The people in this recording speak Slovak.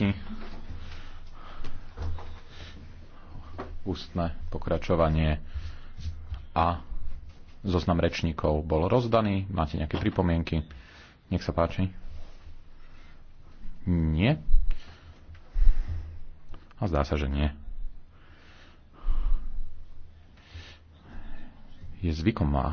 deti. Ústne pokračovanie a zoznam rečníkov bol rozdaný. Máte nejaké pripomienky? Nech sa páči. Nie. A zdá sa, že nie. Je zvykom